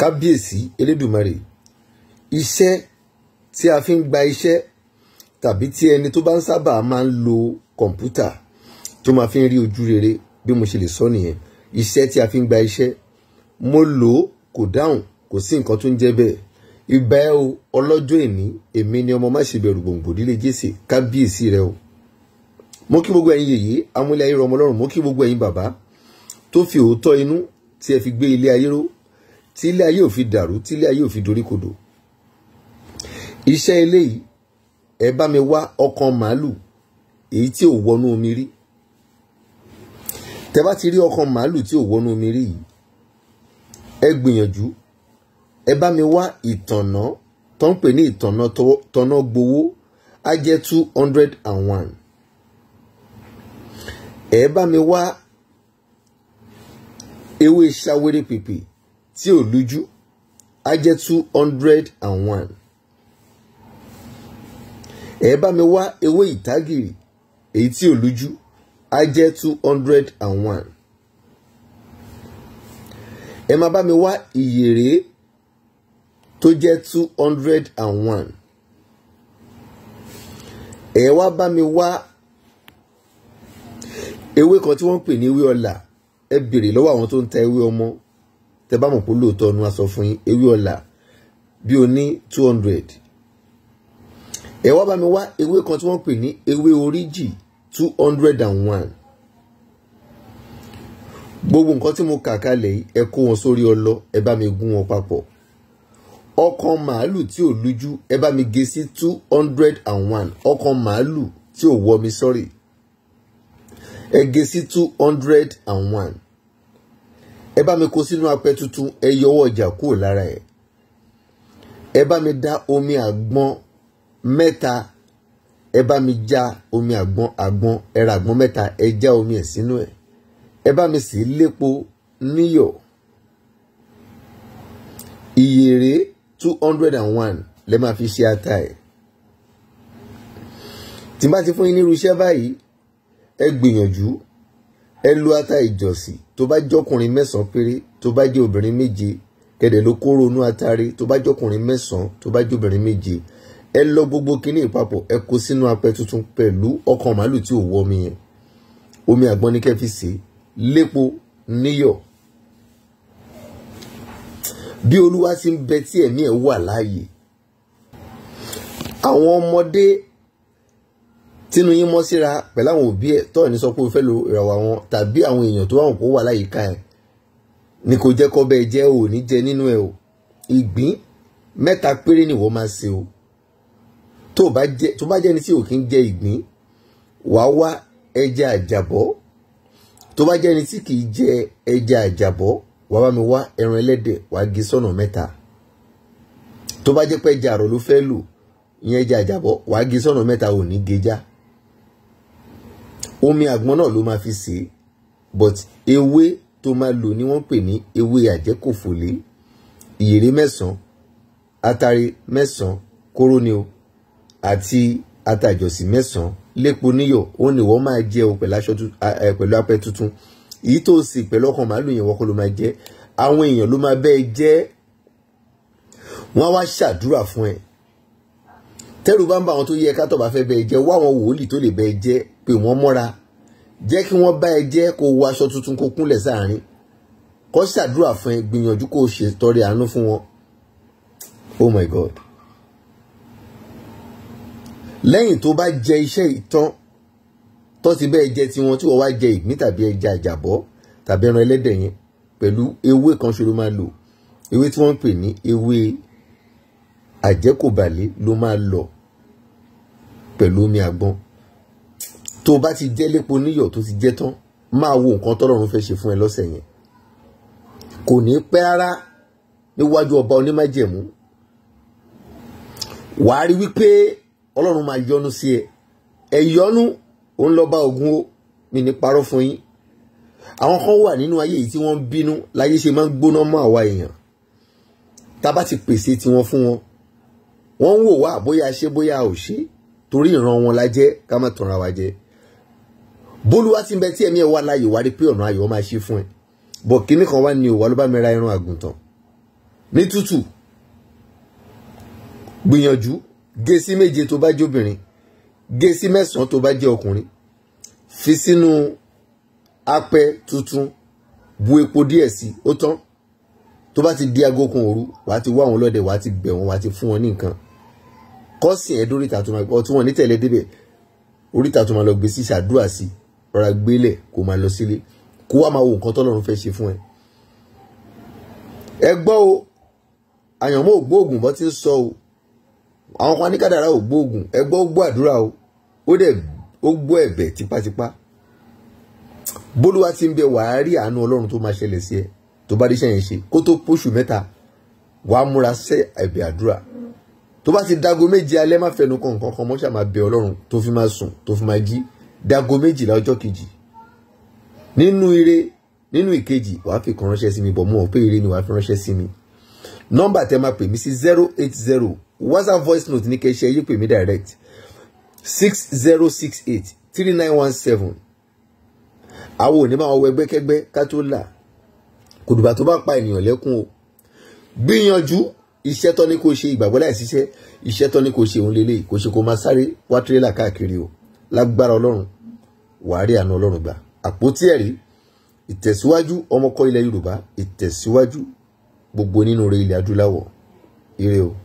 kábíyèsí elédùmarè iṣẹ́ tí a fi ń gba iṣẹ́ tàbí tí ẹni tó bá ń sábà máa ń lo kọ̀ǹpútà tó máa fi ń rí ojú rere bí mo ṣe lè sọ nìyẹn iṣẹ́ tí a fi ń gba iṣẹ́ mo lò ó kò dáhùn kò sí nǹkan tó ń jẹ́ bẹ́ẹ̀ ìgbà ẹ o ọlọ́jọ́ ìní èmi ni ọmọ má ṣe bẹ̀rù gbòǹgbò líle jésè kábíyèsí rẹ o mo kí gbogbo ẹ̀yin yèyé amúlẹ̀ ayé rọmọlọ́run mo kí gbogbo ẹ̀yin bàbá tó fi òótọ́ inú tí ẹ fi gbé ilé ayé ró tí ilé ayé ò fi dàrú tí ilé ayé ò fi doríkodò iṣẹ́ eléyìí ẹ bá mi wá ọkàn màálù èyí tí ò wọnú omi rí tẹ bá ti rí ọkàn màálù tí ò wọnú omi rí yìí ẹ gbìyànjú ẹ bá mi wá ìtànà tó ń pè ní ìtànà tọ́nà gbowó á jẹ́ two hundred and one ẹ bá mi wá ewé ṣawéré pèpè tí ò lújú á jẹ́ two hundred and one. ẹ bá mi wá ewé ìtágìrì èyí tí ò lújú á jẹ́ two hundred and one. ẹ máa bá mi wá ìyèrè tó jẹ́ two hundred and one. ẹ wá bá mi wá ewé kan tí wọ́n ń pè ní ewé ọ̀la ẹ bèrè lọ́wọ́ àwọn tó ń ta ewé ọmọ tẹ bá mọ̀ pé lóòótọ́ ni wọ́n sọ fún yín ewé ọ̀la bí o ní two hundred ẹ wá bá mi wá ewé kan tí wọ́n pè ní ewé oríjì two hundred and one gbogbo nǹkan tí mo kà kalẹ̀ yìí ẹ kó wọn sórí ọlọ ẹ bá mi gún wọn papọ̀ ọkàn màálù tí ò lújú ẹ bá mi gé sí two hundred and one ọkàn màálù tí ò wọ mi sọ́rí ẹ gé sí two hundred and one ẹ bá mi kó sínú apẹ tuntun ẹ yọ ọwọ́ ọjà kúrò lára ẹ̀ ẹ bá mi dá omi àgbọn mẹ́ta ẹ bá mi já omi àgbọn àgbọn ẹ àgbọn mẹ́ta ẹ já omi ẹ̀ sínú ẹ̀ ẹ bá mi sì lépo níyọ̀ ìyèrè two hundred and one lẹ́ máa fi ṣe ata ẹ̀ tí n bá ti fún yín nírú iṣẹ́ báyìí ẹ gbìyànjú ẹ lu ata ìjọsìn tó bá jọkùnrin mẹ́sàn-án péré tó bá jẹ́ obìnrin méje kẹ̀dẹ̀ ló kóró inú atare tó bá jọkùnrin mẹ́sàn-án tó bá jẹ́ obìnrin méje ẹ lọ gbogbo kinní ìpapọ̀ ẹ kó sínú apẹ tuntun pẹ̀lú ọkàn màálù tí ò wọ omi yẹn omi àgbọn ní kẹ́ fi lépo níyọ̀ bí olúwa ti ń bẹ tí ẹ̀mí ẹ̀ wà láàyè àwọn ọmọdé tínú yín mọ́ síra pẹ̀lú àwọn òbí ẹ̀ tọ́ọ̀ ní sọ pé o fẹ́ lo ìràwọ̀ àwọn tàbí àwọn èèyàn tó wàhùn kó wà láyìíká ẹ̀ ni kò jẹ́ kọ́bẹ̀ jẹ́ ò ní jẹ nínú ẹ̀ o ìgbín mẹ́ta péré ni wọ́n máa ṣe o tó bá jẹ́ ni tí ò kí ń jẹ ìgbín wàá wá ẹja àjàbọ́ tó bá jẹ́ ni tí kì í jẹ ẹja àjàbọ́ wàá bá mi wá ẹran ẹlẹ́dẹ̀ wàá gé sọ́nà mẹ́ta tó bá jẹ́ pé ẹja àrọ̀ ló fẹ́ lò ìyẹn ẹja àjàbọ́ wàá gé sọ́nà mẹ́ta ò ní gé já omi àgbọn náà ló máa fi sè but ewé tó máa lò ní wọ́n pè ní ewé àjẹkòfòlé ìyèrè mẹ́sàn atari atare mẹ́sàn-án kóró ni o àti atajọ̀sí mẹ́sàn-án lépo níyọ̀ ó ní wọ́n máa jẹ o pẹ̀lú apẹ tuntun èyí tó sì pẹ̀lú ọkàn màálù yẹn wọ́n kọ́ ló máa jẹ àwọn èèyàn ló máa bẹ́ẹ̀ jẹ́ wọ́n á wá ṣàdúrà fún ẹ tẹ́rù bá ń bá àwọn tó yẹ ká tó bá fẹ́ bẹ́ẹ̀ jẹ́ àwọn wòlíì tó lè bẹ́ẹ̀ jẹ́ pè wọ́n mọ́ra jẹ́ kí wọ́n bá ẹ jẹ́ kó wọ aṣọ tuntun kó kúnlẹ̀ sáàrin kó ṣàdúrà fún ẹ gbìyànjú kó ṣètọrẹ àánú fún wọn oh my god lẹ́yìn tó bá jẹ iṣẹ́ ìtàn tó ti bẹ́ẹ̀ jẹ tiwọn tí wọ́n wá jẹ ìgbín tàbí ẹja àjàbọ́ tàbí ẹran ẹlẹ́dẹ̀ yẹn pẹ̀lú ewé kan ṣe ló máa lò ewé tí wọ́n ń pè ní ewé àjẹkòbàlé ló máa lọ pẹ̀lú omi àgbọn tó o bá ti jẹ́ lépo níyọ̀ tó ti jẹ́ tán máa wo nǹkan tọ́lọ́run fẹ́ ṣe fún ẹ lọ́sẹ̀ yẹn kò ní pẹ́ rárá níwájú ọba onímájẹ̀mú wàá rí wípé ọlọ́run máa yọ́nú sí ẹ ẹ yọ́nú òun lọ́ba ògùn o mi ní parọ́ fún yín àwọn kan wà nínú ayé yìí tí wọ́n ń bínú láyé ṣe máa ń gbóná mọ́ àwa èèyàn tá a bá ti pèsè tiwọn fún wọn wọ́n ń wò wá bóyá ṣe bóyá ò ṣe torí ìran wọn la ká má tanra wa jẹ́ bólúwa ti ń bẹ tí ẹ̀mí ẹ̀ wà láàyè wá rí pé ọ̀nà ayọ̀ máa ṣe fún ẹ bọ̀ kínní kan wá ní òwà ló bá mi ra irun àgùntàn ní tútù gbìyànjú gé sí méje tó bá jóbìnrin gé sí mẹ́sàn-án tó bá jẹ́ ọkùnrin fi sínú apẹ tuntun bu epo díẹ̀ sí ó tán tó bá ti di aago òru wàá ti wá àwọn ọlọ́dẹ wàá ti bẹ̀ wọ́n wàá ti fún wọn ní nǹkan kọ́sìn ẹ̀dóríta tó máa gbọ́ tí wọ́n ní tẹ̀lé débẹ̀ oríta tó máa lọ gbé sí ṣàdúrà sí i rọra gbélẹ̀ kó máa lọ sílé kó wá máa wo nǹkan tọ́lọ́run fẹ́ ṣe fún ẹ. ẹ gbọ́ o àyànmọ́ ògbóògùn bọ́ ti ń sọ o àwọn kan ní kádàrá ògbóògùn ẹ gbọ́ ó gbọ́ àdúrà o ó dẹ̀ ó gbọ́ ẹ̀bẹ̀ tipátipá bólúwa ti ń bẹ wàá àánú ọlọ́run tó máa ṣẹlẹ̀ sí ẹ tó bá díṣẹ́ yẹn ṣe kó tó póṣù mẹ́ta wàá múra sẹ́ ẹ̀bẹ̀ àdúrà tó bá ti dago méje alẹ́ má fẹnu kan nǹkan kan mọ́ máa bẹ ọlọ́run tó fi máa sùn tó fi máa jí dago méjìlá ọjọ́ kejì nínú ire nínú ìkejì wàá fi kan ránṣẹ́ sí mi bọ̀ mo mọ̀ pé ire ni wàá fi ránṣẹ́ sí mi nọ́mbà tẹ́ máa pè mí sí zero eight zero whatsapp voice note ní kẹ́sẹ́ yí pè mí direct six zero six eight three nine one seven àwọn òní máa wọ ẹgbẹ́kẹ́gbẹ́ ká tó là kòdùbà tó bá pa ènìyàn lẹ́kún o gbìyànjú iṣẹ́ tọ́ ni kò ṣe ìgbàgbọ́ láì iṣẹ́ tọ́ ni kò ṣe òun lélẹ̀ kò ṣe kó máa sáré wá tirẹ́là káàkiri o lágbára ọlọ́run wàá rí àánú ọlọ́run gbà àpótí ẹ̀rí ìtẹ̀síwájú ọmọkọ ilẹ̀ yorùbá ìtẹ̀síwájú gbogbo nínú rẹ̀ ilẹ̀ adúláwọ̀ ire o.